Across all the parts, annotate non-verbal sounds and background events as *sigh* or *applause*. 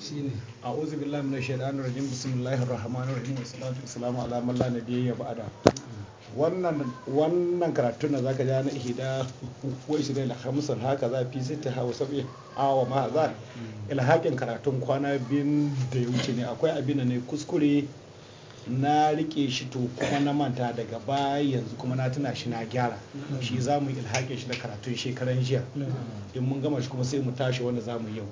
shine uzu billahi minash shaitanir rajim bismillahir rahmanir rahim salatu wassalamu ala man la nabiyya ba'da wannan wannan karatun na zaka ja na ihda ko shi da hamsar haka za fi sita hawa sabi awa ma za hakin karatun kwana biyun da ya wuce ne akwai abin da ne kuskure na rike shi to kuma na manta daga baya yanzu kuma na tuna shi na gyara shi za mu ilhaƙe shi da karatun shekaran jiya in mun gama shi kuma sai mu tashi wanda za mu yau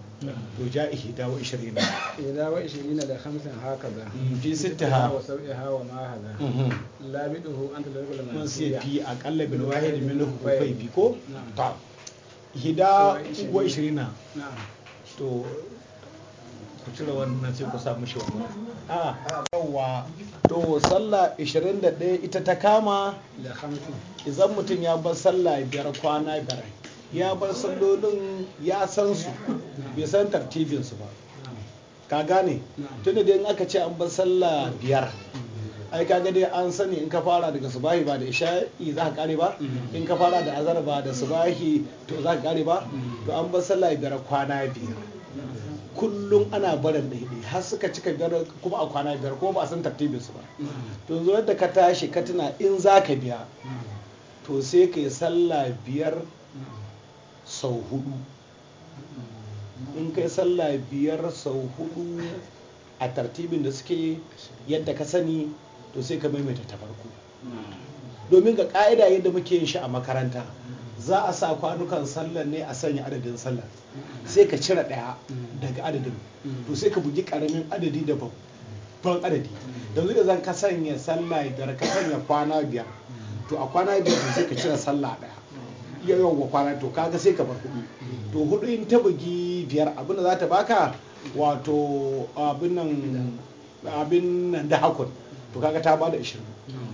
to ja ihi dawo ishirina eh, dawo ishirina da hamsin haka ba mm, fi sitta ha wa sau'i ha wa ma haza mm-hmm. hu an talabul mansiya man sai fi aqalla bin wahid min hufai fi ko ta hida wa ishirina to ku cire wannan sai ku sa mishi wannan a ah, yawa to sallah 21 ita ta kama idan mutum ya bar sallah biyar kwana biyar ya bar sallolin ya san su bai san tartibin su ba ka gane tunda dai in aka ce an bar sallah biyar ai kaga dai an sani in ka fara daga subahi ba da isha'i za ka kare ba in ka fara da azar ba da subahi to za ka kare ba to an bar sallah biyar kwana biyar kullum ana barin ɗaiɗai har suka cika biyar kuma a kwana biyar kuma ba a san tartibin su ba to zo yadda ka tashi ka tuna in za ka biya to sai ka yi sallah biyar sau hudu in kai sallah biyar sau hudu a tartibin da suke yadda ka sani to sai ka maimaita ta farko domin ga ka'ida yadda muke yin shi a makaranta za a sa kwanukan sallar ne a sanya adadin sallar sai ka cire ɗaya daga adadin to sai ka bugi ƙaramin adadi da babban adadi Da zuwa zan ka sanya sallah da ka sanya kwana biyar to a kwana biyar sai ka cire sallah ɗaya yawan wa kwana to kaga sai ka bar hudu to hudu in ta bugi biyar abin da za ta baka wato abin nan abin nan da hakun to kaga ta bada 20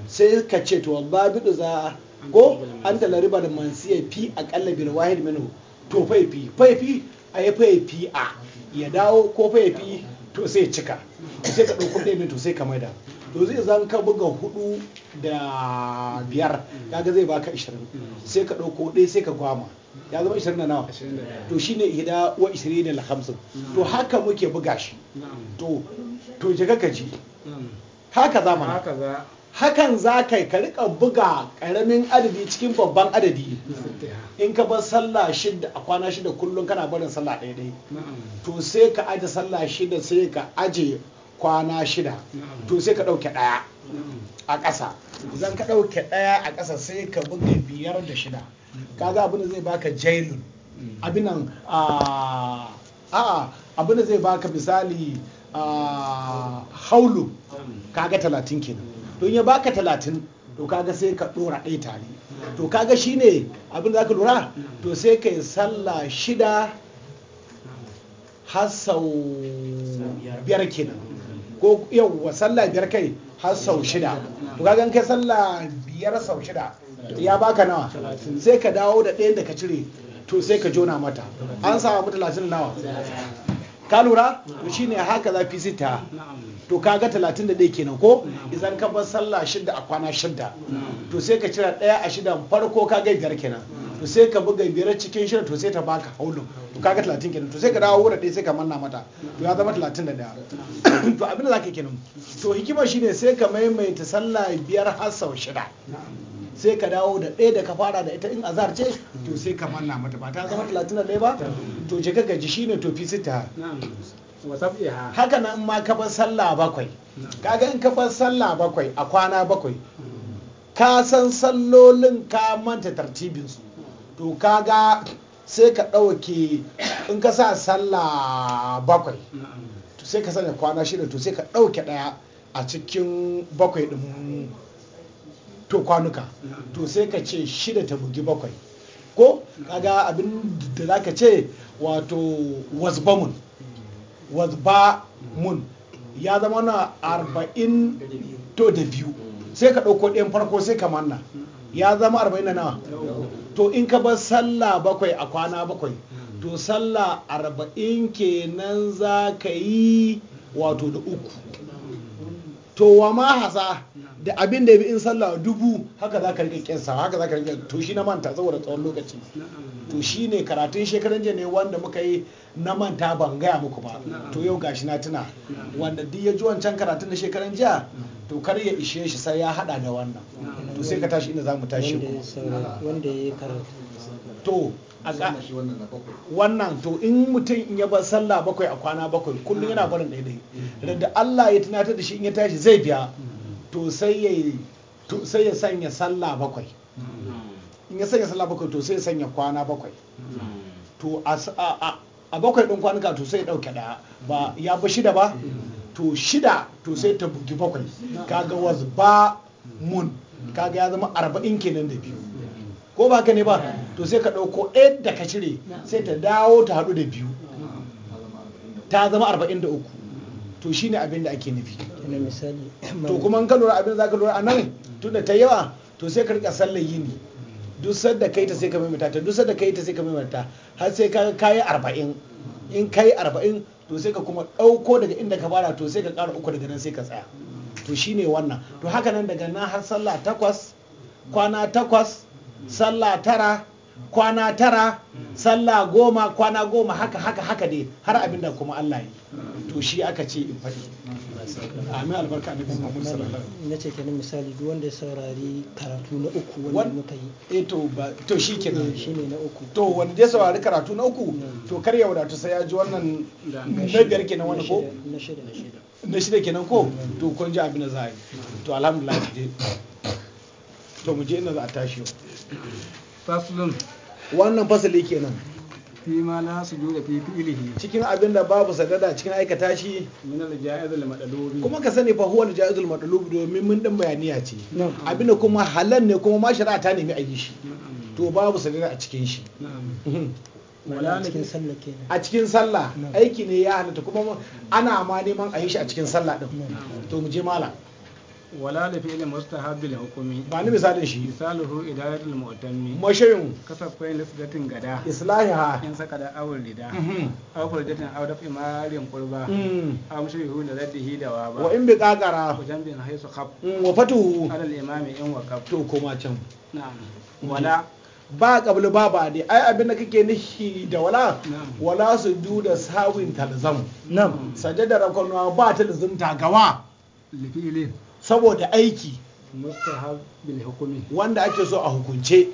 sai ka ce to wallahi bidu za ko an da lariba da mansiya fi kalla bil wahid minhu to fa fi fa fi a ya fa fi a ya dawo ko fa fi to sai cika sai ka dauko ɗaya to sai ka maida to zai zan ka buga hudu da biyar kaga zai baka ishirin sai ka dauko ɗaya sai ka gwama ya zama ishirin da nawa to shine ihda wa ishirin da hamsin to haka muke buga shi to to jika ka ji haka zamana hakan za ka yi rika buga karamin adadi cikin babban adadi in ka bar sallah shida a kwana shida kullum kana barin sallah ɗaya ɗaya to sai ka aje sallah shida sai ka aje kwana shida to sai ka ɗauke ɗaya a ƙasa zan ka ɗauke ɗaya a ƙasa sai ka buga biyar da shida kaga abin da zai baka jailun abin nan a abin da zai baka misali haulu kaga talatin kenan don ya baka talatin to kaga sai ka dora ɗaya tare to kaga shine abin da ka lura to sai ka yi sallah shida har sau biyar kenan ko wa sallah biyar kai har shida to kaga kai sallah biyar sau shida ya baka nawa sai ka dawo da ɗayan da ka cire to sai ka jona mata an samu talatin nawa ka lura to shine haka zafi sita to ka ga talatin da 31 kenan ko idan ka bar sallah shida a kwana shida to sai ka cira daya a shidan farko ka ga biyar kenan to sai ka buga biyar cikin shida to sai ta baka haulun to ka ga talatin kenan to sai ka dawo wurin ɗaya sai ka manna mata to ya zama talatin da daya. *coughs* to abin da zaka kenan to hikima shine sai ka maimaita sallah biyar har sau shida sai ka dawo da ɗaya da ka fara da ita in azar ce to sai ka manna mata ba ta zama talatin da ɗaya ba to je ka gaji shine to fi sita haka nan ma ka bar sallah bakwai kaga in ka sallah bakwai a kwana bakwai ka san sallolin ka manta tartibinsu to kaga sai ka ɗauke in ka sa sallah bakwai to sai ka sanya kwana shida to sai ka ɗauke ɗaya a cikin bakwai ɗin to kwanuka to sai ka ce shida ta bugi bakwai ko kaga abin da za ka ce wato wasbamun Was ba mun ya zama na arba'in to da biyu sai ka ɗauko ɗayan farko sai ka manna ya zama arba'in da nawa to in ka bar sallah bakwai a kwana bakwai to sallah arba'in kenan za ka yi wato da uku to wa ma hasa da abin da ya bi in sallah dubu haka za ka rike kinsa haka za ka rike to shi na manta saboda tsawon lokaci to shi ne karatun shekaran jiya ne wanda muka yi na manta ban gaya muku ba to yau gashi na tuna wanda duk ya ji wancan karatun na shekaran jiya to kar ya ishe shi sai ya hada da wannan to sai ka tashi inda za mu tashi ku wanda ya karatu to wannan to in mutum in ya bar sallah bakwai a kwana bakwai kullum yana barin daidai da Allah ya tunatar da shi in ya tashi zai biya to sai ya sanya sallah bakwai in ya sanya sallah bakwai to sai ya sanya kwana bakwai to a bakwai ɗin kwanuka to sai ya ɗauke da ba ya bi shida ba to shida to sai ta bugi bakwai kaga was ba mun kaga ya zama arba'in kenan da biyu ko ba ka ne ba to sai ka ɗauko ɗaya da ka cire sai ta dawo ta haɗu da biyu ta zama arba'in da uku to shine abin da ake nufi to kuma ka lura abin za ka lura a nan tunda ta yawa to sai ka rika sallar yini duk sadda kai ta sai ka maimaita ta duk sadda kai ta sai ka maimaita har sai ka kayi arba'in in yi arba'in to sai ka kuma ɗauko daga inda ka fara to sai ka ƙara uku daga nan sai ka tsaya to shine wannan to haka nan daga nan har sallah takwas kwana takwas sallah tara kwana tara sallah goma kwana goma haka haka haka dai har abinda kuma Allah yi to shi aka ce in faɗi amin albarka annabi Muhammad sallallahu ce nace kenan misali duk wanda ya saurari karatu na uku wanda muka yi eh to ba to shi kenan eh, shine na uku to wanda ya saurari karatu na uku to kar ya wadatu sai ya ji wannan na biyar kenan wani ko na shida na shida na shida kenan ko to kun ji abin da za a yi to alhamdulillah to mu je inda za a tashi yau faslun wannan fasali kenan fi ma la sujuda fi ilihi cikin abin da babu sadada cikin aikata shi min al-ja'izul madlubi kuma ka sani fa huwa al-ja'izul madlubi domin mun dan bayaniya ce abin da kuma halal ne kuma ma shari'a ta nemi a yi shi to babu sadada a cikin shi mhm. a cikin sallah aiki ne ya halatta kuma ana ma neman a yi shi a cikin sallah din to mu je malam wala da fi'ilin mustahabbil hukumi ba ni misalin shi misaluhu idaratul mu'tammi mashayin kasafai lisgatin gada islahiha in saka da awul rida mhm. aw furdatin aw da imarin qurba mhm. aw mushayihu da raddihi da wa ba wa in bi qaqara wajen bin haisu khab mm, wa fatuhu al imami in wa kaf to koma can na'am mhm. wala ba kablu ba ba dai ai abin da kake nishi da wala wala su duda sawin talzam na'am sajada rakonwa ba talzum ta gawa lifi'ilin saboda aiki wanda ake so a hukunce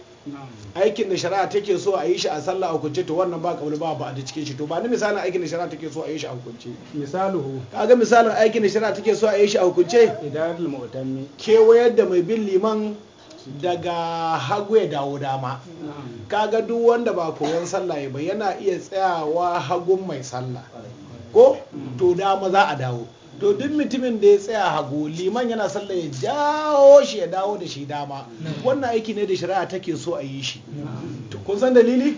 aikin da shari'a take so a yi shi a sallah a hukunce to wannan ba kabul ba ba'a da cikin shi to ba ni misalin aikin da shari'a take so a yi shi a hukunce Ka ga misalin aikin da shari'a take so a yi shi a hukunce idaratul mu'tammi kewayar da mai bin liman daga hagu ya dawo dama Ka ga duk wanda ba koyon sallah ya ba yana iya tsayawa hagun mai sallah ko to dama za a dawo to mutumin da ya tsaya hagu liman yana sallah ya jawo shi ya dawo da shi dama wannan aiki ne da shari'a take so a yi shi kun san dalili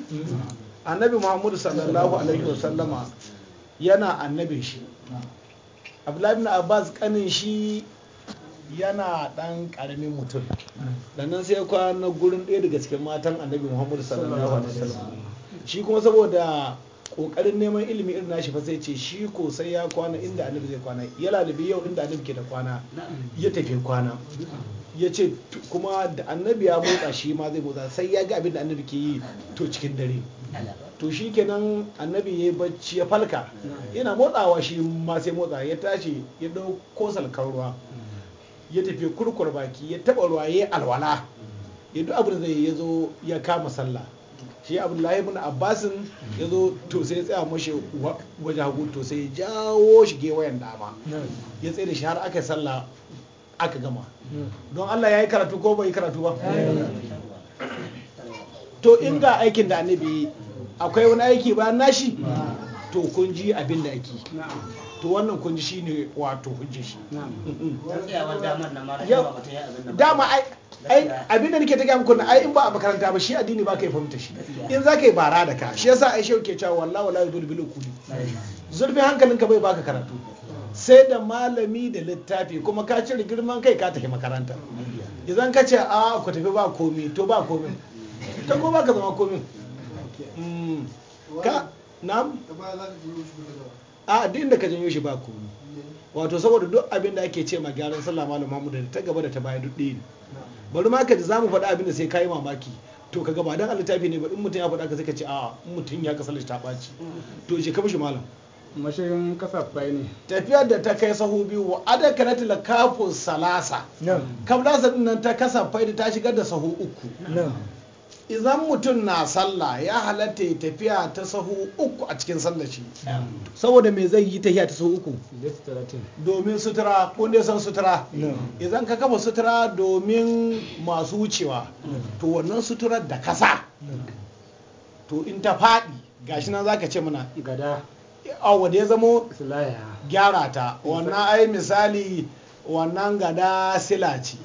annabi muhammadu sallallahu alaihi wasallama yana annabin shi abdullahi bin abbas kanin shi yana dan karamin mutum nan sai kwana gurin ɗaya daga cikin matan annabi muhammadu sallallahu alaihi wasallam shi kuma saboda kokarin neman ilimi irin nashi fa sai ce shi ko sai ya kwana inda annabi zai kwana ya lalibi yau inda annabi ke da kwana ya tafi kwana ya ce kuma da annabi ya motsa shi ma zai motsa sai ya ga abin da annabi ke yi to cikin dare to shi kenan annabi ya bacci ya falka yana motsawa shi ma sai motsa ya tashi ya dauko salkar ruwa ya tafi kurkur baki ya taba ruwa ya alwala ya duk abin zai ya zo ya kama sallah shi abdullahi ibn abbasin ya zo to sai ya tsaya mashi waje hagu to sai ya jawo shi wayan dama ya tsaye da shi har aka sallah aka gama don allah ya yi karatu ko bai yi karatu ba to inda aikin da annabi akwai wani aiki bayan nashi to kun ji abin da ake to wannan kun ji shine wato hujji shi mm, mm. dama ai abinda nake ta gaya kunna ai in ba a makaranta ba shi addini ba ka yi fahimta shi in za ka yi bara da ka shi yasa ai shehu ke cewa wallahi wallahi bulbulu kuli zurfin hankalinka bai baka karatu sai da malami da littafi kuma ka cire girman kai ka tafi makaranta idan ka ce a ku tafi ba komi to ba komi ta ko ba ka zama komi mm. ka nam a duk inda ka janyo shi ba komi wato saboda duk abin da ake ce ma gyaran sallah malam Muhammad da ta gaba da ta bayan duk ɗaya ne bari ma ka ji zamu faɗi abin da sai kayi mamaki to ka gaba dan Allah tafi ne ba in mutum ya faɗa ka sai ka ce a in mutum ya kasar ta ɓaci to je ka mishi malam mashirin kasafai ne tafiyar da ta kai sahu biyu wa adaka na tilakafin salasa kamlasa din nan ta kasafai da ta shigar da sahu uku idan mutum na sallah ya halatta ya tafiya ta sahu uku a cikin sallah shi saboda me zai yi tafiya ta sahu uku domin sutura ko ne san sutura idan ka kafa sutura domin masu wucewa to wannan suturar da kasa to in ta faɗi gashi nan zaka ce mana gada a ya zamo gyara ta wannan ai misali wannan gada sila ce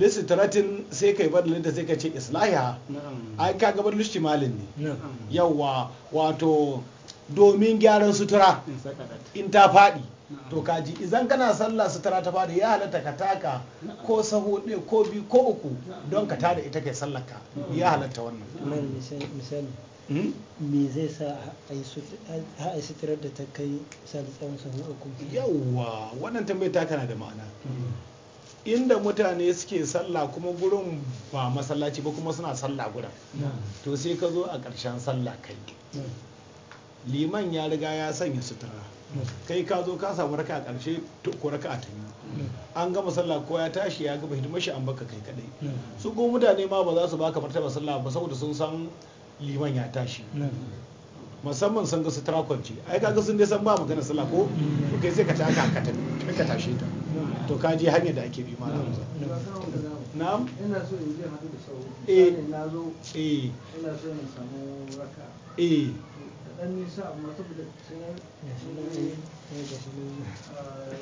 lisitiratin sai kai badalin da sai ka ce Islahiya. ai ka gabar malin ne yawa wato domin gyaran sutura in ta faɗi to kaji idan kana sallah sutura ta faɗi ya halatta ka taka ko saho ne ko biyu ko uku don ka tada ita kai sallaka. ya halatta wannan misali hmm? me zai sa a yi sutura da ta kai da tsawon sahu uku yawwa wannan tambayar ta kana da ma'ana hmm. inda mutane suke sallah kuma gurin ba masallaci ba kuma suna sallah gurin to sai ka zo a ƙarshen sallah kai liman ya riga ya sanya sutura kai ka zo ka samu raka a ƙarshe ko raka a tuni an gama sallah ko ya tashi ya gama hidimar shi an baka kai kadai su ko mutane ma ba za su baka martaba sallah ba saboda sun san liman ya tashi musamman sun ga sutura kwanci ai kaga sun dai san ba magana sallah ko kai sai ka taka ka tashi ta to ka je hanyar da ake bi ma na'am ina so in je hadu da sauri eh na zo eh ina so in samu raka eh dan nisa amma saboda Da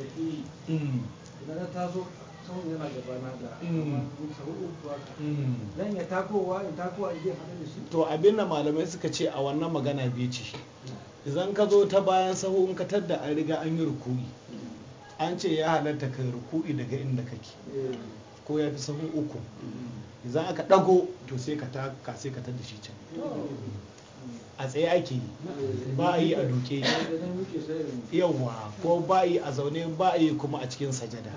mm. idan ta zo sauran yana gabana da dan mm. mm. ya takowa in takowa in je hadu da shi to abin da malamai suka ce a wannan magana bai ce idan ka zo ta bayan sahu in ka tadda an riga an yi rukuni an ce ya halatta ka ruku'i daga inda kake ko ya fi sahun uku idan aka dago to sai ka taka sai ka tada shi can a tsaye ake yi ba a yi a duke yawwa ko ba a yi a zaune ba a yi kuma a cikin sajada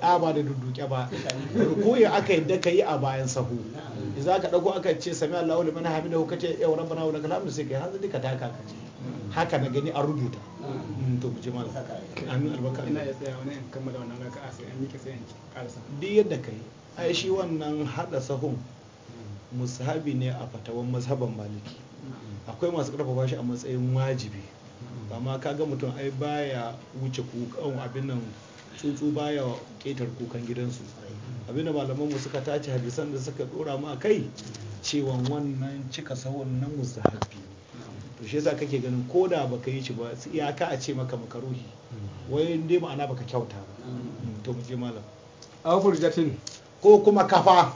a ba da duduke ba rukuyi aka yadda ka yi a bayan sahu idan aka dago aka ce sami Allahu liman hamidahu kace yau rabbana wa lakal hamdu sai kai hanzu ka taka haka na gani an rubuta mm. to ku amin albarka ina ya tsaya wani kammala wannan raka'a sai an miƙe sai in karasa duk yadda kai ai shi wannan hada sahun musahabi ne a fatawan mazhaban maliki mm. akwai masu karfafa shi a matsayin wajibi mm. ba ka ga mutum ai baya wuce kukan abin nan tsuntsu baya ketar kukan gidansu abin da malaman mu suka tace hadisan da suka dora mu a kai cewa wannan cika sahun na musahabi to shi yasa kake ganin ko da baka yi shi ba iyaka a ce maka maka ruhi? Mm. wai dai ma'ana baka kyauta ba mm. to mu je malam awfur jatin ko kuma kafa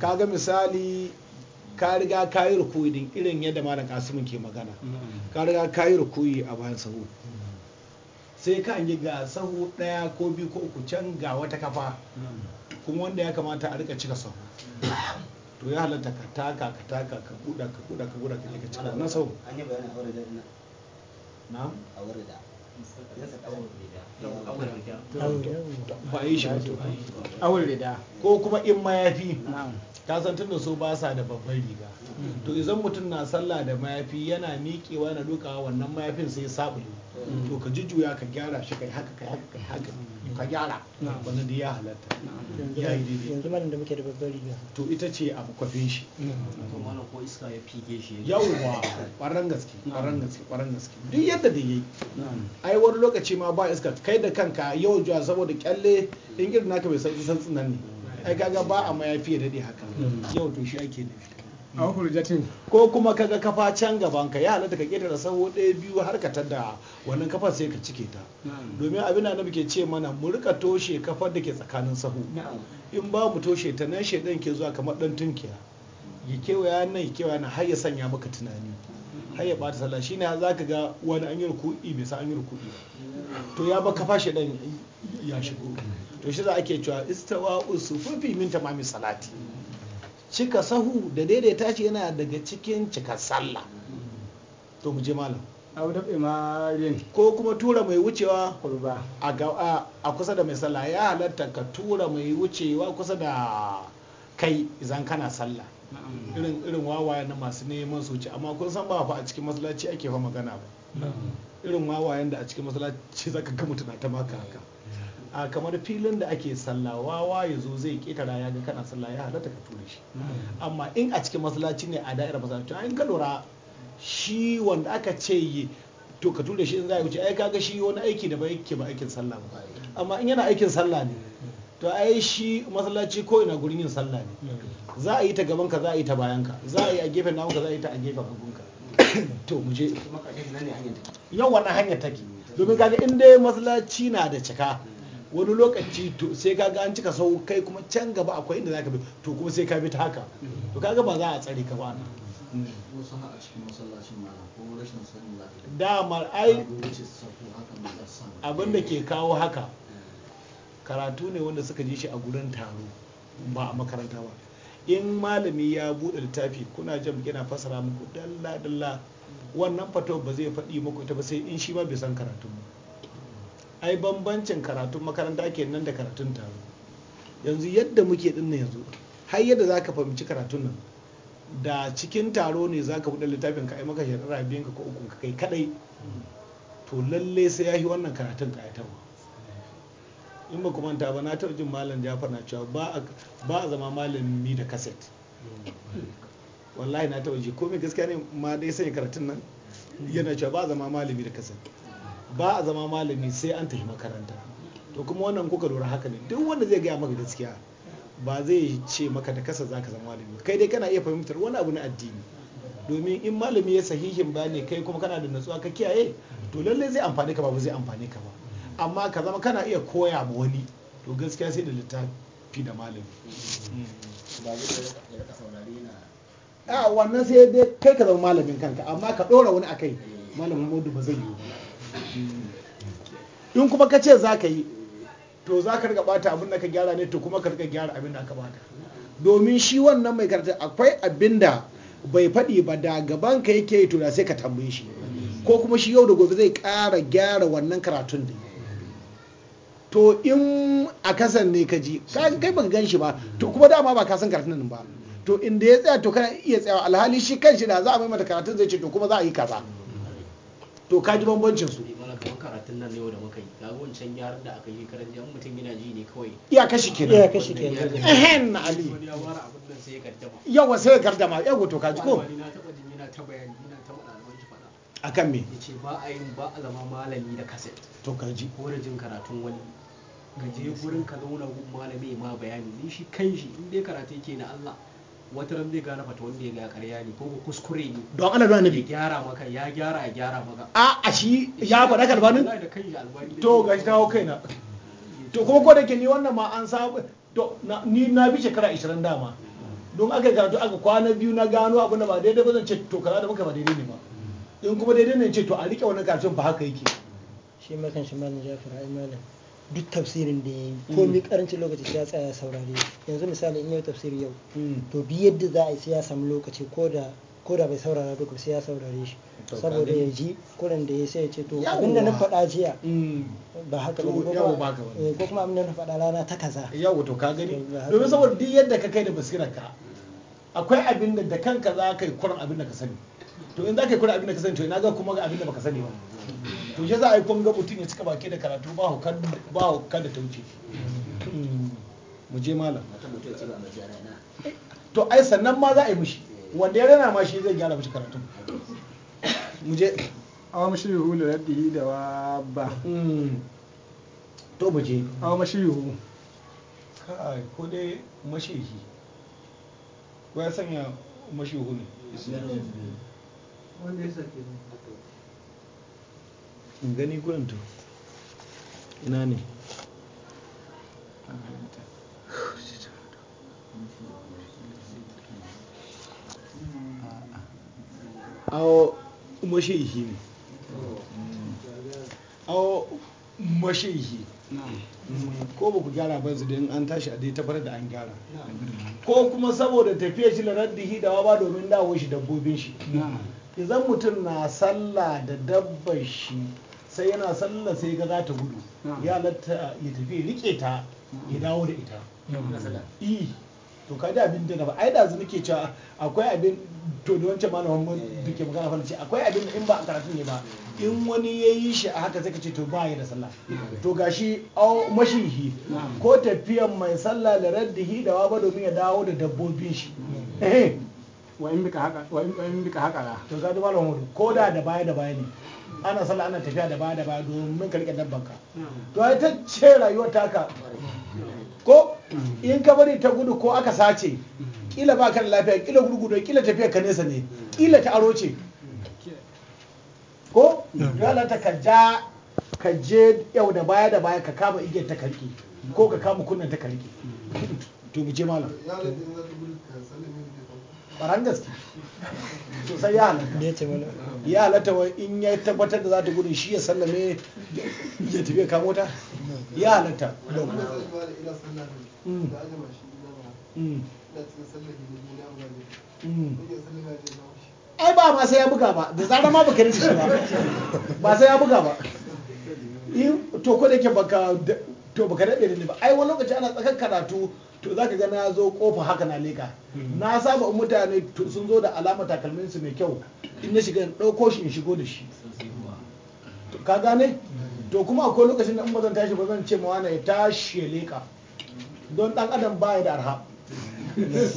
kaga misali ka riga ka yi rukuyi din irin yadda malam kasimin ke magana ka riga ka yi rukuyi a bayan sahu mm. sai ka yi ga sahu ɗaya ko biyu ko uku can ga wata kafa kuma wanda ya kamata a rika cika sahu to ya halatta ka taka ka taka ka buɗa ka buɗa ka kuda ka je ka cika na sau an yi bayanin aure da na aure da shi mutu aure da ko kuma in mayafi ka san tunda so ba sa da babban riga mm. to idan mutum na sallah da mayafi yana miƙewa na dukawa wannan mayafin sai ya sabulu to ka juya ka gyara shi kai haka kai haka kai haka mm. ka gyara wannan da ya halatta ya yi daidai yanzu malam da muke da babbar riga to ita ce a kwafin shi mm. to malam ko iska ya fige shi yawwa ƙwarar gaske ƙwarar gaske ƙwarar gaske duk yadda da yayi ai wani lokaci ma ba iska kai da kanka yau jiya saboda kyalle in gidan naka bai san tsantsan nan ne ai kaga ba a yafi da dai haka mm. yau to shi ake nufi ko kuma kaga kafa can gaban ka ya halatta ka ketare sahu ɗaya biyu har ka tadda wannan kafar sai ka cike ta domin abin da muke ce mana mu rika toshe kafar da ke tsakanin sahu in ba mu toshe ta nan shaidan ke zuwa kamar dan tunkiya ya kewaya nan ya kewaya nan har ya sanya maka tunani har ya bata sallah shine za ka ga wani an yi ruku'i bai san an yi ruku'i to ya ba kafa shaidan ya shigo to shi za ake cewa istawa usufufi min tamamin salati cika sahu da daidaita shi yana daga cikin cika sallah to je imarin ko kuma tura mai wucewa a kusa da mai sallah ya halatta ka tura mai wucewa kusa da kai idan kana sallah irin irin wawaye na masu neman su amma kun san ba fa a cikin masallaci ake fa magana ba irin wawayen da a cikin masallaci zaka ga mutuna ta maka haka a kamar filin da ake sallah wawa ya zo zai ketara ya ga kana sallah ya halatta ka tura shi mm. amma in a cikin masallaci ne a da'irar masallaci in ka lura shi wanda aka ce yi to ka tura shi in za a wuce ai kaga shi wani aiki da ba yake ba aikin sallah ba amma in yana aikin sallah ne to ai shi masallaci ko ina gurin yin sallah ne mm. za a yi ta gaban ka za a yi ta bayan ka za a yi a gefen namu ka za a yi ta a gefen ka *coughs* to mu je yau wannan hanyar take domin kaga in dai masallaci na da cika mm. wani lokaci to sai ka ga an cika sau kai kuma can gaba akwai inda zaka bi to kuma sai ka bi ta haka to kaga ba za a tsare ka ba nan damar ai abin da ke eh. kawo haka eh. karatu ne wanda suka ji shi a gurin taro ba a makaranta ba in malami ya buɗe littafi kuna jam yana fasara muku dalla dalla wannan fato ba zai faɗi muku ita ba sai in shi ma bai san karatun ba ai bambancin karatun makaranta kenan da karatun taro yanzu yadda muke dinnan yanzu har yadda za ka fahimci karatun nan da cikin taro ne za ka buɗe littafin ka maka shekara biyan ka ko uku ka kai kadai to lalle sai ya yi wannan karatun kayatarwa in ba ku manta ba na taɓa jin malam jafar na cewa ba a zama malami da kaset wallahi na taɓa ji komai gaskiya ne ma dai sanya karatun nan yana cewa ba a zama malami da kaset ba a zama malami sai an tafi makaranta to kuma wannan kuka lura haka ne duk wanda zai gaya maka gaskiya ba zai ce maka da kasa zaka zama malami kai dai kana iya fahimtar wani abu na addini domin in malami ya sahihin ba ne kai kuma kana da natsuwa ka kiyaye to lallai zai amfani ka ba zai amfani ka ba amma ka zama kana iya koya ma wani to gaskiya sai da littafi da malami a wannan sai dai kai ka zama malamin kanka amma ka ɗora wani akai malamin modu ba zai ba in kuma ka ce za ka yi to za ka riga bata abin da ka gyara ne to kuma ka riga gyara abin da ka bata domin shi wannan mai karatu akwai abin da bai faɗi ba da gaban ka yake to da sai ka tambaye shi ko kuma shi yau da gobe zai ƙara gyara wannan karatun da to in a kasan ne ka ji kai baka gan shi ba to kuma dama ba ka san karatun nan ba to inda ya tsaya to kana iya tsayawa alhali shi kan shi da za a mai mata karatun zai ce to kuma za a yi kaza to ka ji bambancin su eh, mana kamar karatun nan yau da muka yi ga wancan yar da aka yi karan jan mutum yana ji ne kawai ya kashi kenan ya kashi kenan ehem ali yawa sai ya gardama yawa to ka ji ko ta faɗa akan me yace ba a yin ba a zama malami da kaset to ka ji ko da jin karatun wani ka je gurin ka zauna gun malami ma bayani ni shi kanshi in dai karatu yake na Allah wata ran zai gane fata wanda ya ga karya ne ko kuskure ne don Allah don annabi gyara maka ya gyara ya gyara maka a a shi ya faɗa ka albanin to ga shi dawo kaina to kuma ko da ke ni wannan ma an sabu to ni na bi shekara 20 dama don aka karatu aka kwana biyu na gano abin da ba daidai ba zan ce to kaza da muka ba daidai ne ba in kuma daidai ne ce to a rike wani karshen ba haka yake shi makan shi malam jafar ai malam duk tafsirin da ya yi mm. ko mai karancin lokaci ya tsaya saurare yanzu misali in yau tafsiri yau mm. to bi yadda za a yi sai ya samu lokaci ko da ko da bai saurara duka sai ya saurare shi saboda ya ji kuran da ya sai ya ce to abinda na faɗa jiya mm. ba haka ba eh, ko kuma abinda na faɗa rana ta kaza yau to ka gani domin saboda duk yadda ka kai da basirar ka akwai abinda da kanka za ka yi kuran abinda ka sani to in za ka yi kura abinda ka sani to ina ga kuma ga abinda baka sani ba to shi za a yi kun ga mutum ya cika baki da karatu ba hukan ba da ta wuce mu je malam to ai sannan ma za a yi mishi wanda ya rana ma shi zai gyara mishi karatu mu je awa mashi yuhu da raddi da wa ba hmm. to mu je awa mashi yuhu kai ko dai mashi ko ya sanya mashi yuhu ne wanda ya sake ina ne awo mashihi ne ko ba ku gyara ba in an tashi a dai tabar da an gyara ko kuma saboda tafiya shi da raddihi da wa ba domin dawo shi dabbobin shi idan mutum na sallah da dabbar shi sai yana sallah sai ga za ta gudu hmm. ya latta ya tafi rike ta ya hmm. dawo da ita i eh, to ka ji abin da ba ai da zuke cewa akwai abin to eh. da wancan malamin mun duke magana fa ce akwai abin da in ba a karatun ne ba hmm. in wani ya yi shi a haka sai ka ce to ba ya da sallah to gashi au mashihi ko tafiyan mai sallah da raddihi da wa ba domin ya dawo da dabbobin shi eh. wa in bika haka wa in bika haka la to ga malam hudu ko da da baya da baya ne ana sallah ana tafiya da baya da baya domin ka riƙe dabban ka to ai ta ce rayuwar taka ko in ka bari ta gudu ko aka sace kila ba ka da lafiya kila gurgudo kila tafiya ka nesa ne kila ta aro ce ko yana ta ka ja ka je yau da baya da baya ka kama igiyar ta karki ko ka kama kunnan ta karki to mu je malam baran gaske sosai ya halatta ya halatta wa in ya tabbatar da za ta gudun shi ya sallame ya tafiya ka mota ya halatta mm. Mm. ai ba ma sai ya buga ba da zara ma baka rinsa ba ba sai ya buga ba to ko da yake baka to baka daɗe da ni ba ai wani lokaci ana tsakar karatu to zaka ga na zo kofa haka na leka hmm. na saba mutane sun zo da alama takalmin su mai kyau in na shiga in ɗauko shi in shigo da shi ka gane to kuma akwai lokacin da in ba tashi ba zan ce ma wani ya tashi ya leka don dan adam baya da arha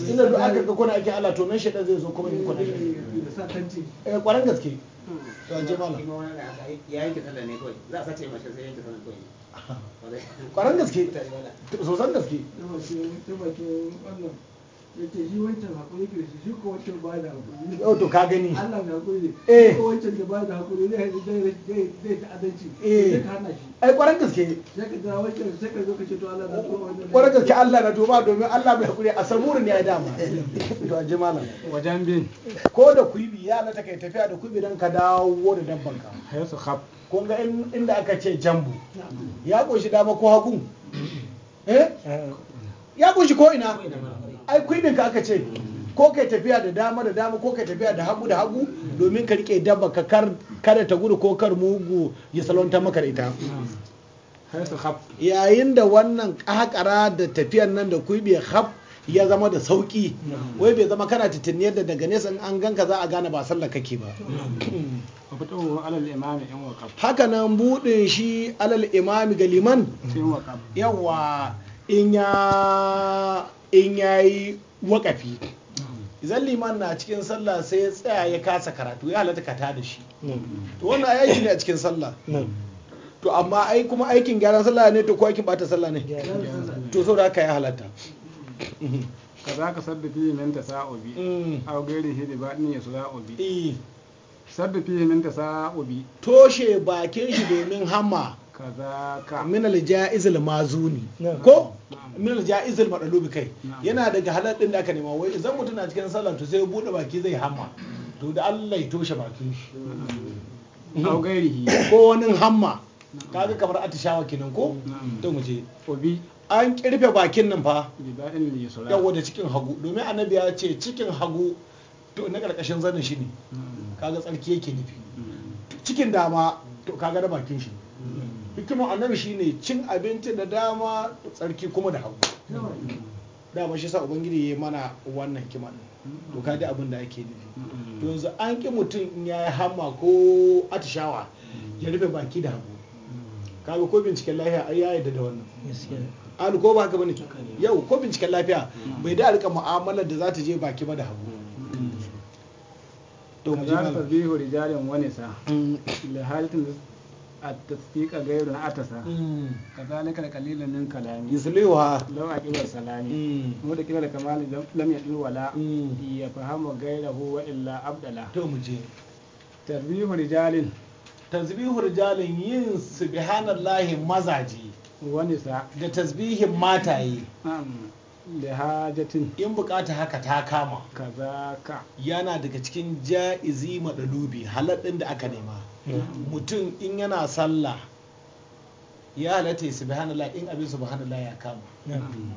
ina duk aka ga kuna ake ala to nan shaidan zai zo kuma in kuna shi eh gaske hmm. to an malam ya ne kawai za a sace sai kawai Kwaran gaske sosan gaske yau oh, to ka gani Allah na kwaran gaske gaske Allah na tuba domin Allah mai hakuri a samuru ne dama *laughs* ko da kuibi ya na ta tafiya da kuibi dan ka dawo da dabban ka hayasu kun inda aka ce jambu ya kunshi dama ko hagu eh, eh. ya kunshi ko ina ai kuɗin ka aka ce ko kai tafiya da dama da dama ko kai tafiya da hagu da hagu domin ka rike dabba ka kar kada ta gudu ko kar mugu ya salonta maka da ita yayin da wannan kakara da tafiyan nan da kuibe hab ya zama da sauki wai bai zama kana titiniyar da daga nesa in an ganka za a gane ba sallar kake ba haka nan buɗin shi alal imami ga liman yawa in ya in ya yi wakafi idan liman na cikin sallah sai ya tsaya ya kasa karatu ya halatta kata da shi to wannan aiki ne a cikin sallah to amma ai kuma aikin gyaran sallah ne to ko aikin bata sallah ne to saboda haka ya halatta ka za ka sabbi fihi min tasa'ubi mm. aw gairi hidi ba ya yasu za'ubi eh. sabbi fihi min tasa'ubi toshe bakin shi domin hama Minal ja'izul mazuni ko minal ja'izul madalubi kai yana daga halal din da aka nema wai idan mutum na cikin sallah to sai ya bude baki zai hamma to da Allah ya toshe bakin shi ko wani hamma kaga kamar atishawa kenan ko to mu je an kirfe bakin nan fa yawa da cikin hagu domin annabi ya ce cikin hagu to na karkashin zanin shi ne kaga tsarki yake nufi cikin dama to kaga da bakin shi hikimar annabi shine cin abinci da dama tsarki kuma da hagu dama shi sa ubangiji ya mana wannan hikima to ka ji abin da ake nufi to yanzu an ki mutum in ya yi hamma ko atishawa ya rufe baki da hagu ga ko binciken lafiya ai ya yadda da wannan alu ko ba ka bane yau ko binciken lafiya bai da rika mu'amalar da za ta je baki ba da hagu to mu ji malam التصديق غير العتسة كذلك القليل من كلامي يسلوها لو أكبر سلامي مو كده كمان لم يدل ولا يفهم غيره وإلا عبد الله أبدلا تومجي تذبيح رجال تذبيح رجال ينس بحان الله مزاجي ونساء sa da tasbihin mataye da hajatin in bukata haka ta kama ka yana daga cikin ja'izi madalubi haladdin da aka nema hmm. mutum in yana sallah ya halatta subhanallah in abin subhanallah ya kama hmm.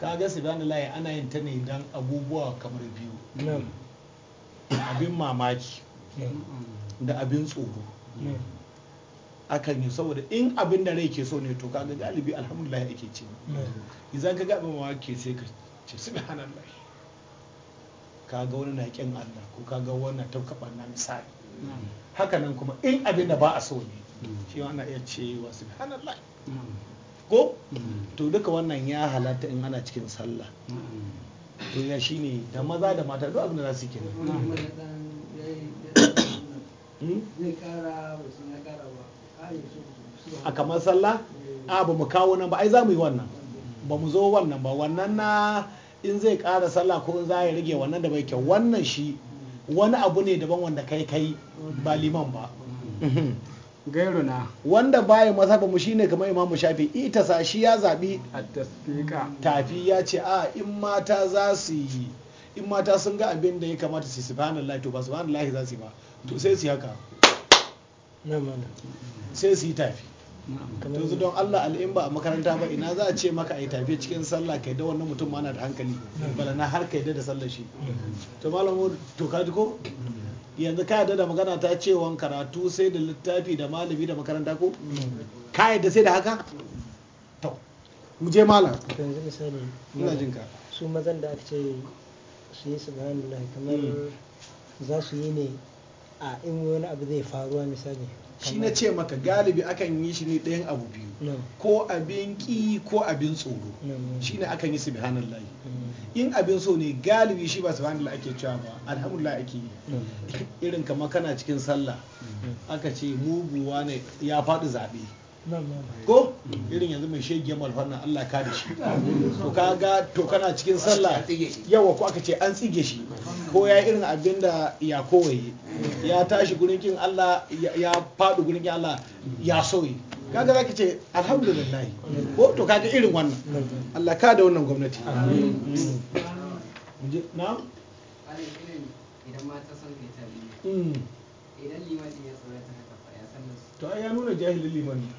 kaga subhanallah ana yin ta ne dan abubuwa kamar biyu hmm. abin mamaki da abin tsoro akan yi saboda in abin da rai ke so ne to kaga galibi alhamdulillah ke ce idan ka ga mawa ke sai ka ce subhanallah kaga wani na ƙin Allah ko kaga wani na tafka na misali hakanan kuma in abin da ba a so ne shi ana iya cewa subhanallah ko to duka wannan ya halatta in ana cikin sallah to ya shine da maza da mata duk abin da za su kenan hmm? zai kara wasu na kara a kamar sallah a ba mu kawo nan ba ai za mu yi wannan ba mu zo wannan ba wannan na in zai ƙara sallah ko in za ya rage wannan da bai kyau wannan shi wani abu ne daban wanda kai kai ba liman ba gairuna wanda baya ba mu shine kamar mu shafi ita sa shi ya zabi tafi ya ce a in mata za su yi in mata sun ga abin da ya kamata su subhanallahi to ba subhanallahi za su yi ba to sai su haka sai su yi tafi yanzu don Allah al'in ba a makaranta ba ina za a ce maka a yi tafi cikin sallah kai da wannan mutum mana da hankali bala na har kai da sallar shi to malam to ka ko yanzu ka yadda da magana ta ce wan karatu sai da littafi da malami da makaranta ko ka yadda sai da haka to mu je malam yanzu misali ina jin ka su mazan da aka ce su yi subhanallah kamar hmm. za su yi ne a in wani abu zai faruwa misali shi na ce maka galibi akan yi shi ne ɗayan abu biyu ko abin ƙi ko abin tsoro shi ne akan yi su in abin so ne galibi shi ba su ake cewa ba alhamdulillah ake yi irin kama kana cikin sallah aka ce muguwa ne ya faɗi zaɓe ko irin yanzu mai shege malfan nan Allah ka da shi to kaga to kana cikin sallah yawa ko aka ce an tsige shi ko ya irin abin da ya kowaye ya tashi gurin kin Allah ya fadu gurin kin Allah ya sauye kaga zaka ce alhamdulillah ko to kaga irin wannan Allah ka da wannan gwamnati amin na idan mata son kai tabi hmm. idan limamin ya tsara ta haka ya san to ai ya nuna jahilin limamin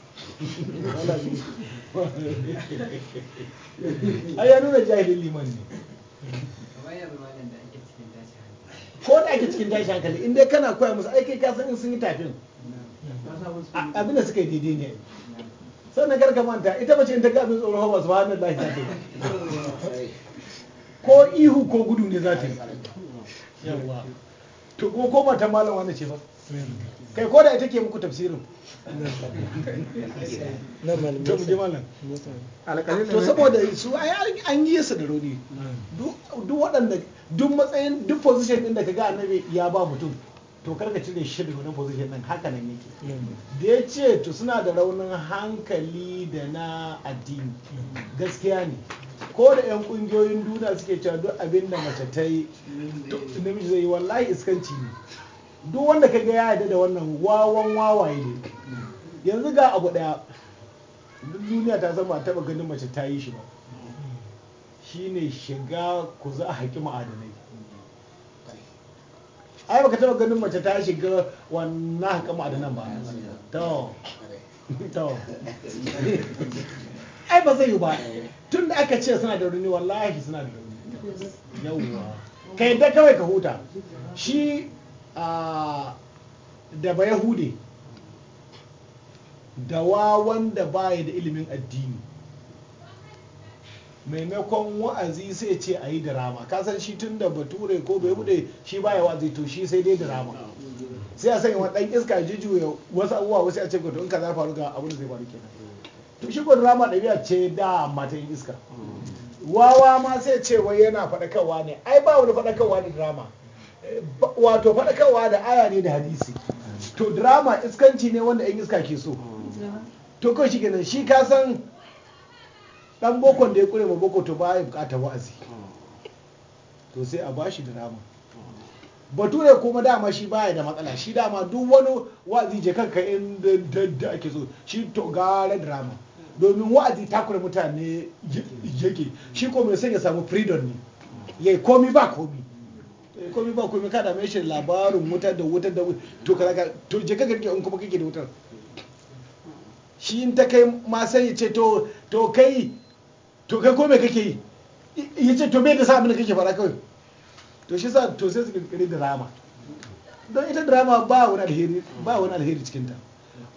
ai ya nuna jahilin liman ne ko da ake cikin tashi hankali inda kana koya musu aiki ka san in sun yi tafin abinda suka yi daidai ne sannan karka manta ita mace in ta ga abin tsoron hawa su hannun lahi ta *laughs* ko ihu ko gudu ne za ta yi to ko ta malam wani ce ba kai ko da ita ke muku tafsirin to saboda su an yi su da rauni duk waɗanda duk matsayin duk position ɗin da ka ga annabi ya ba mutum to karka cire shi da wani position ɗin haka nan yake mm. da ya ce to suna da raunin hankali da na addini gaskiya ne ko da 'yan ƙungiyoyin juna suke cewa duk abin da mace ta yi namiji zai yi wallahi iskanci ne duk wanda ka ga ya yarda da wannan wawan wawaye ne yanzu ga abu daya duniya ta zama taba ganin mace ta yi shi ba ne shiga ku za a haƙi ma'adanai ai baka taba ganin mace ta shiga wannan haka ma'adanan ba to to ai ba zai yi ba tun da aka ce suna da runi wallahi suna da runi yawwa ka yadda kawai ka huta shi ah, da ba yahude da wanda da baya da ilimin addini maimakon wa'azi sai ce a yi drama kasan shi tun da bature ko bai bude shi baya wa'azi to shi sai dai drama sai a sanya dan iska ya wasu abubuwa wasu a ce ko in kaza faru ga abin da zai faru kenan to shi ko drama ɗabi'a ce da mata yin iska wawa ma sai ce wai yana faɗakarwa ne ai ba wani faɗakarwa da drama wato faɗakarwa da aya ne da hadisi to drama iskanci ne wanda 'yan iska ke so to kawai shi kenan shi ka san dan bokon da ya kure ma boko to ba ya bukata wa'azi to sai a bashi da nama bature kuma dama shi baya da matsala shi dama duk wani wa'azi je kanka inda da ake so shi to gare drama domin wa'azi takura mutane yake shi ko mai ya samu freedom ne yayi komi ba komi komi ba komi kada mai shi labarin wutar da wutar da kaga to je kanka in kuma kake da wutar shi ta kai ma san ya ce to to kai to kai kome kake yi ya ce to me da sa abin kake fara kawai to shi sa to sai su kirkiri drama don ita drama ba wani alheri ba wani alheri cikinta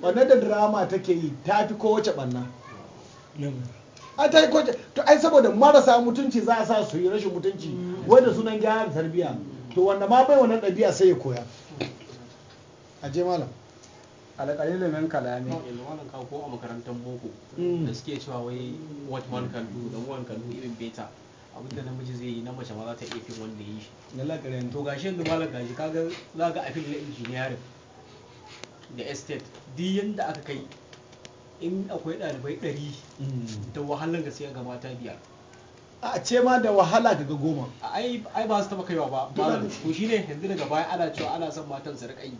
wannan da drama take yi ta fi kowace banna a ta yi kowace to ai saboda marasa mutunci za a sa su yi rashin mutunci wanda sunan gyara tarbiyya to wanda ma bai wannan ɗabi'a sai ya koya a je malam alƙalilu min kalami yanzu wannan ka ko a makarantar boko hmm. da suke cewa wai what man can do the can do even better abin da namiji zai yi na mace ma za ta iya fi wanda ya yi shi na lagarin to gashi yanzu malam gashi kaga za ga a fin na engineering da estate duk yadda aka kai in akwai ɗalibai ɗari hmm. da wahalar gaske ga mata biyar a ce ma da wahala daga goma ai ba su taba kaiwa ba Ba shi ne yanzu daga baya ana cewa ana son matan su yi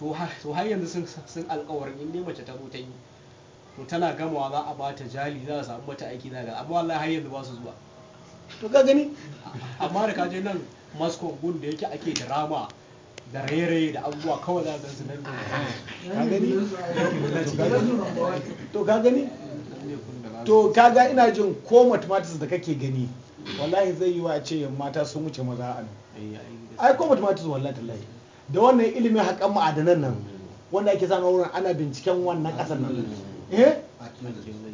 to har yanzu sun alkawarin in dai mace ta zo ta yi to tana gamawa za a bata jali za a samu mata aiki za ga amma wallahi har yanzu ba su zuwa to ka gani amma da kaje nan maskon gun da yake ake drama da rere da abubuwa kawai za su nan da ka gani to ka gani to ga ina jin ko matematis da kake gani wallahi zai yi wa a ce mata sun wuce maza a nan eh, ai ko matematis wallahi tallahi da wannan ilimin haƙan ma'adanan nan wanda ake samu wurin ana binciken wannan ƙasar nan eh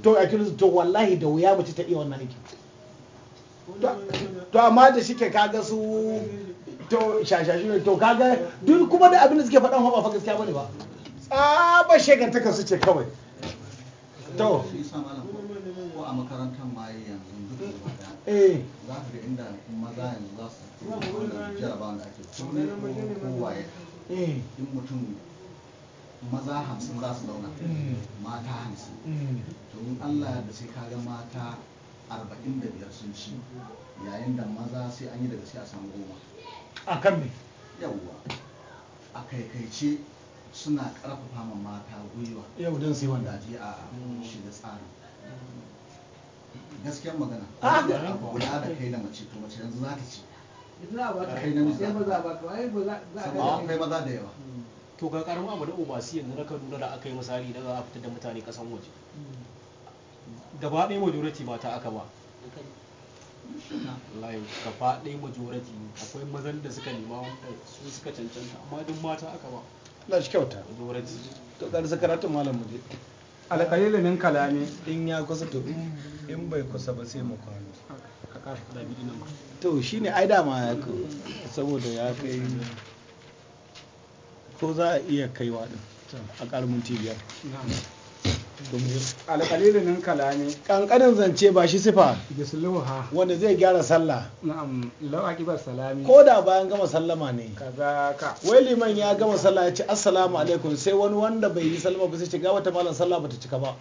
to akilis to wallahi da wuya mace ta iya wannan aiki to amma da shike kaga su to shashashi ne to kaga duk kuma da abin da suke faɗan ba fa gaskiya bane ba tsaba shegantakar su ce kawai to a makarantar ma yanzu eh za ka ga inda maza yanzu za su wannan jarabawan da ake kullum ko waye in mutum maza hamsin za su zauna hmm. mata hamsin hmm. to in Allah da sai ka ga mata arba'in da biyar sun ci yayin da maza sai an yi daga sai a samu goma a kan me yawwa a kaikaice suna karfafa ma mata gwiwa yau don sai wanda a shiga tsarin gaskiyar magana ah! a da kai da mace to mace yanzu za ta ci kai namiji za kai maza da yawa hmm. to ga karamin abu da obasi yanzu na kaduna da aka yi misali da za a fitar da mutane kasan waje hmm. gaba ɗaya majority ta aka ba layi gaba ɗaya majority akwai mazan da suka nema wanda su suka cancanta amma duk mata aka ba Allah shi kyauta majority to ɗan sakaratun malam mu dai alƙalilin kalami in ya kusa to hmm. in bai kusa ba sai mu kwano to shi ne ai dama ya saboda ya kai ko za a iya kaiwa din a karamin tibiyar alƙalilin nan kalami ƙanƙanin zance ba shi sifa bisluha wanda zai gyara sallah na'am law aqibar salami ko da bayan gama sallama ne kazaka wai liman ya gama sallah ya ce assalamu alaikum sai wani wanda bai yi sallama ba sai ce ga wata malam sallah ba ta cika ba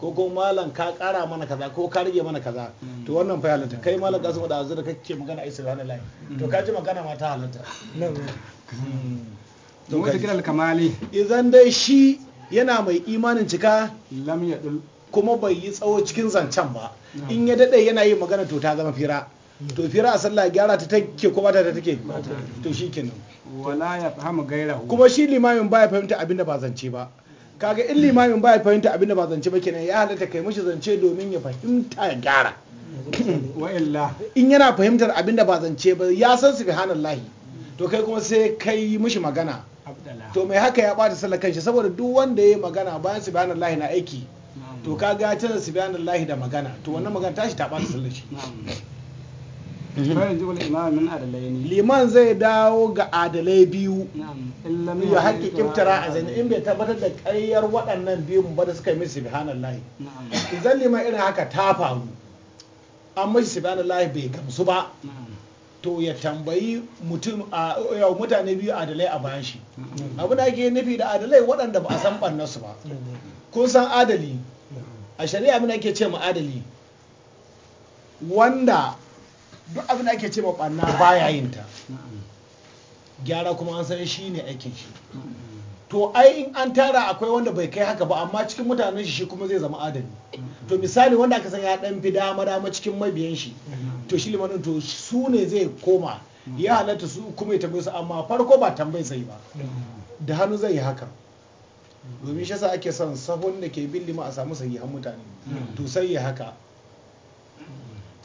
ko ko malam ka kara mana kaza ko ka rage mana kaza to wannan fa halatta kai malam kasu da azura kake magana ai subhanallahi to ka ji magana ma ta halatta na'am hmm. to wata kira kamali idan dai shi yana mai imanin cika kuma bai yi tsawo cikin zancen ba in ya daɗe yana yi magana to ta zama fira to fira a sallah gyara ta take kuma ta take to shi kenan wala ya fahimu gairahu kuma shi limamin ba ya fahimta abinda ba zance ba kaga in limamin ya fahimta abinda ba zance ba kenan ya halatta kai mishi zance domin ya fahimta ya gyara in yana fahimtar abinda ba zance ba ya san subhanallahi to kai kuma sai kai mishi magana to mai haka ya bata sallar kanshi saboda duk wanda ya yi magana bayan subhanallahi na aiki to ka ga ta da subhanallahi da magana to wannan magana tashi ta bata sallar shi liman zai dawo ga adalai biyu ya haƙi kiftara a zai in bai tabbatar da ƙaryar waɗannan biyu ba da suka yi mishi subhanallahi zan liman irin haka ta faru an mashi subhanallahi bai gamsu ba to ya tambayi mutum a mutane biyu adalai a bayan shi abu da ake nufi da adalai waɗanda ba a san su ba kun san adali a shari'a abin da ake ce ma adali wanda duk abin da ake ce ma ɓanna baya yin ta gyara kuma an san shi ne aikin shi to ai in an tara akwai wanda bai kai haka ba amma cikin mutanen shi kuma zai zama adami to misali wanda aka san ya dan fi dama dama cikin mabiyan shi to shi limanin to su ne zai koma ya halatta su kuma ya tambaye su amma farko ba tambayi sai ba da hannu zai yi haka domin shi yasa ake son sahun da ke bin lima a samu sahihan mutane to sai ya haka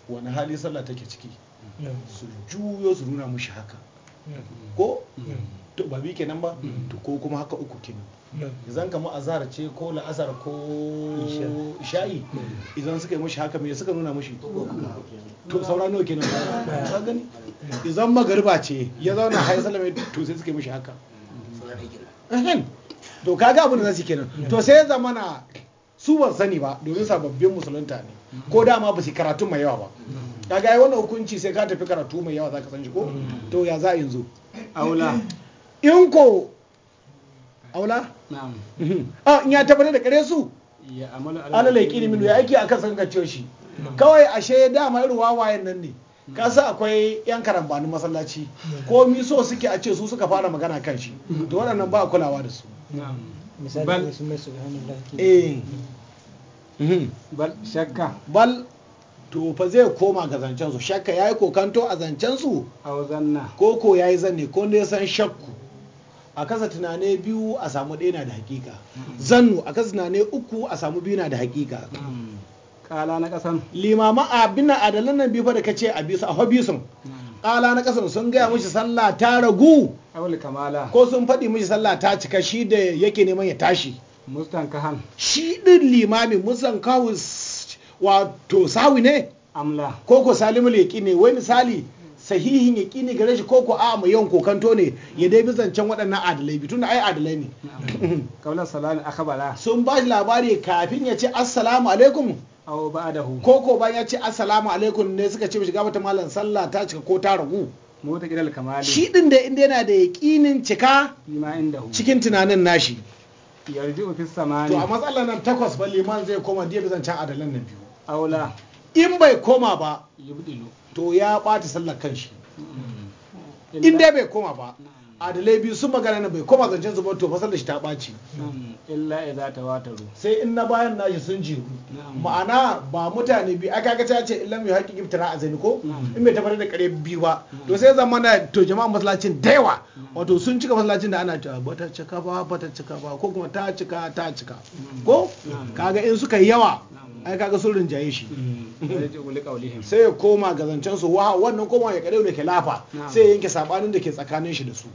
wani hali sallah take ciki su juyo su nuna mushi haka ko to ba biyu kenan ba mm. to ko kuma haka uku kenan mm. idan kamar azhar ce ko la'asar ko sha'i mm. idan suka yi mushi haka me suka nuna mushi to saura nawa kenan ka gani idan magariba ce ya zauna hayi salame to sai suka yi mushi haka to kaga abin da zasu kenan to sai zamana su ban sani ba domin sababbin musulunta ne ko dama ba su karatu mai yawa ba kaga ai wannan hukunci sai ka tafi karatu mai yawa zaka san shi ko to ya za yanzu aula in ko aula a *laughs* ah, in ya tabbatar da kare su alala ya kini minu ya aiki akan san kacce shi kawai ashe dama ruwa wawayen nan ne kasa akwai yan karambanin masallaci *laughs* ko miso suke a ce su suka fara magana kan shi to waɗannan ba a kulawa da su misali su eh. mm-hmm. Mm-hmm. bal shakka bal to fa zai koma ga zancen su shakka yayi kokanto a zancen su ko ko yayi zanne ko ne san shakku a kasa tunane biyu a samu ɗaya na da hakika zannu a kasa tunane uku a samu biyu na da hakika kala na ƙasan. limama abin na adalin nan biyu fa da kace a bisu a hobisun kala na ƙasan sun gaya mishi sallah ta ragu ko sun faɗi mishi sallah ta cika shi da yake neman ya tashi mustan kahan shi din limamin mustan kawu wato sawi ne amla ko ko salimul yaqi ne wai misali sahihin ya kini gare shi koko a mu yawan kokanto ne ya dai can waɗannan adalai bi tunda ai adalai ne kaulan salami Kabara. sun ba shi labari kafin ya ce assalamu alaikum da hu. koko ba ya ce assalamu alaikum ne suka ce shiga mata ta malam sallah ta cika ko ta ragu mota gidal kamali shi din da inda yana da yaƙinin cika cikin tunanin nashi yarji ofis samani to a matsalar nan takwas ba liman zai koma diya can adalan nan biyu aula in bai koma ba to ya ɓata sallar kanshi mm. in dai bai koma ba adalai biyu sun magana na bai koma zancen zuba to fasar da shi ta ɓaci mm. illa sai in na bayan nashi sun ji ma'ana ba mutane biyu aka ga ce illa mai haƙi giftara a zani ko in bai tabbatar da kare biyu ba to sai zama na to jama'a masallacin da yawa wato sun cika masallacin da ana cewa bata cika ba bata cika ba ko kuma ta cika ta cika ko kaga in suka yawa ai kaga sun rinjaye shi mm. sai ya koma ga zancen su wa wannan koma ya kadai da khilafa sai ya yanke sabanin da ke tsakanin shi da su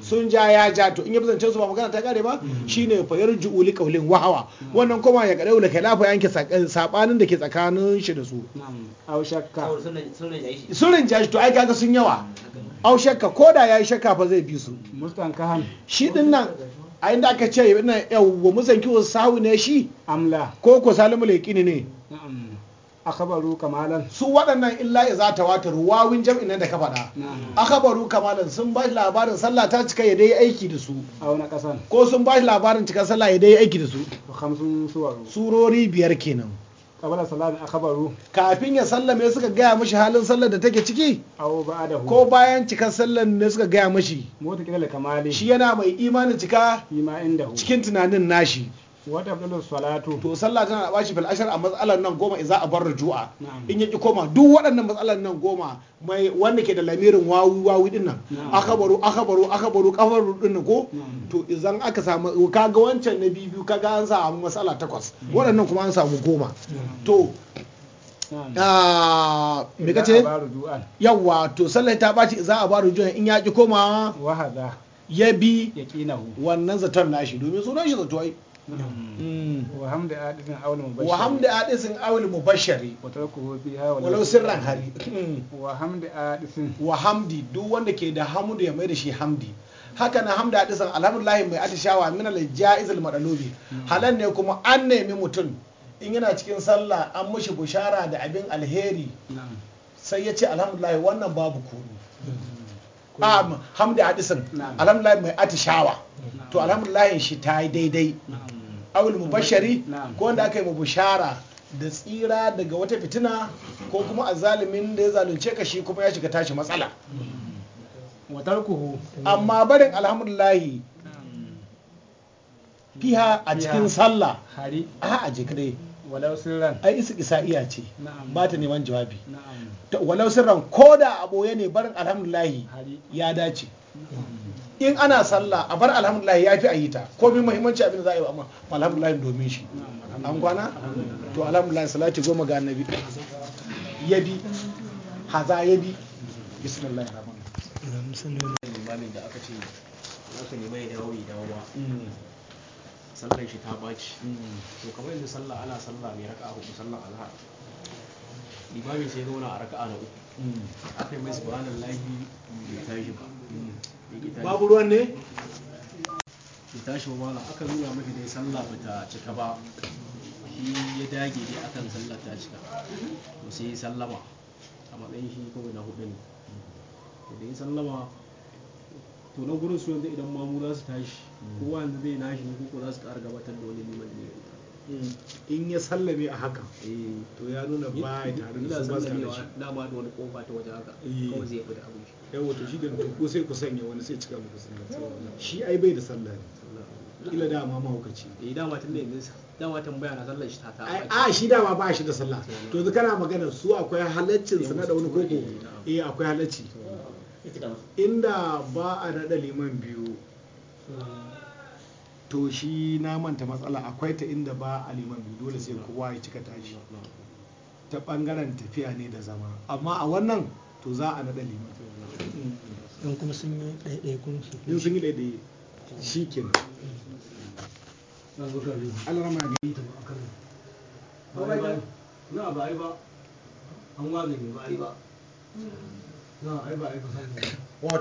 sun ja ya ja to in ya zancen su ba magana ta kare ba mm. shine fayar yarju li qawlin wahawa wannan koma ya kadai da khilafa yanke sabanin eh, da ke tsakanin shi da su au shakka sun rinjaye shi to ai kaga sun yawa au shakka koda yayi shakka fa zai bi su mustan kahan shi din nan a inda aka ce ina yawwa musan kiwo sahu ne shi amla ko ko Salimu laikini ne akabaru kamalan su waɗannan illa ya za ta wata ruwawin jam'in nan da ka faɗa akabaru kamalan sun ba shi labarin sallah ta cika ya dai aiki da su a wani ƙasan ko sun ba shi labarin cika sallah ya dai aiki da su surori biyar kenan qabala kafin ya sallame suka gaya mashi halin sallar da take ciki ba da ko bayan cikan sallar ne suka gaya mashi mota kidal kamali shi yana mai imanin cika cikin tunanin nashi wata abdullu salatu to sallah tana bashi fil ashar a matsalar nan goma idza abar ju'a. in yaki koma duk waɗannan matsalar nan goma mai wanda ke da lamirin wawu wawu din nan akabaru akabaru akabaru kafaru din nan ko to idan aka samu kaga wancan na biyu kaga an samu matsala takwas waɗannan kuma an samu goma to ah, me kace yawa to sallah ta baci za a ba ju'a in yaki koma wahada ya bi wannan zaton nashi domin sunan shi zato ai Mm. wa hamda adisin awul mubashari wa hamda adisin awul mubashari wa tarkuhu biha walau sirran hari mm. wa hamda adisin wa hamdi duk wanda ke da hamdu ya mai da shi hamdi haka na Hamdi adisin alhamdulillah mai atishawa min al jaizil madalubi mm. halan ne kuma an nemi mutum in yana cikin sallah an mishi bushara da abin alheri sai ya ce alhamdulillah wannan babu komi Hamdi hadisin alhamdulillah mai atishawa to alhamdulillah shi ta yi daidai awul mubashari ko wanda aka yi mu da tsira daga wata fitina ko kuma a zalimin da ya zalunce ka shi kuma ya shiga tashi matsala amma barin alhamdulahi fiha a cikin sallah a a jikire walau sirran ai isa isa'iya ce ba ta neman jawabi walau sirran ko da aboye ne barin alhamdulahi ya dace in ana sallah a bar alhamdulillah ya fi a yi ta ko min muhimmanci abin da za a yi amma alhamdulillah domin shi an kwana to alhamdulillah salati goma ga annabi yabi haza yabi bismillah ar rahman ar limamin da aka ce zaka ka nemi da ya da wawa sallar shi ta baci to kamar yanzu sallah ana sallah mai raka'a hudu sallar alha limamin sai ya zauna a raka'a na uku aka yi mai subhanallahi bai tashi ba babu ruwan ne ya tashi wa mala aka nuna maka dai sallah ba ta cika ba shi ya dage dai akan sallah ta cika to sai ya sallama a matsayin shi kawai na hudu ne to da ya sallama to na gurin su yanzu idan mamu za su tashi hmm. kowa yanzu zai nashi ne ko za su ƙara gabatar da wani neman ne Mm. in ya sallame a haka eh. to ya nuna ba ya tare da su ba su da ma da wani kofa ta waje haka eh. kawai zai fita abin shi yawa to shi da ko sai ku sanya wani sai cika muku sallah shi ai bai da sallah ne kila dama mahaukaci eh dama tun da yanzu dama tambaya na sallar shi ta ta a shi dama ba shi da sallah to yanzu kana magana su akwai halaccin su na da wani koko eh akwai halacci eh, inda ba a nada liman biyu hmm. to shi na manta matsala akwai ta inda ba a liman biyu dole sai kowa ya cika tashi ta bangaren tafiya ne da zama amma a wannan to za a nada liman in kuma sun yi ɗaiɗai kun su in sun yi ɗaiɗai shi ke nan Allah rama ne na ba ai ba an wazo ne ba ai ba na ba ba wato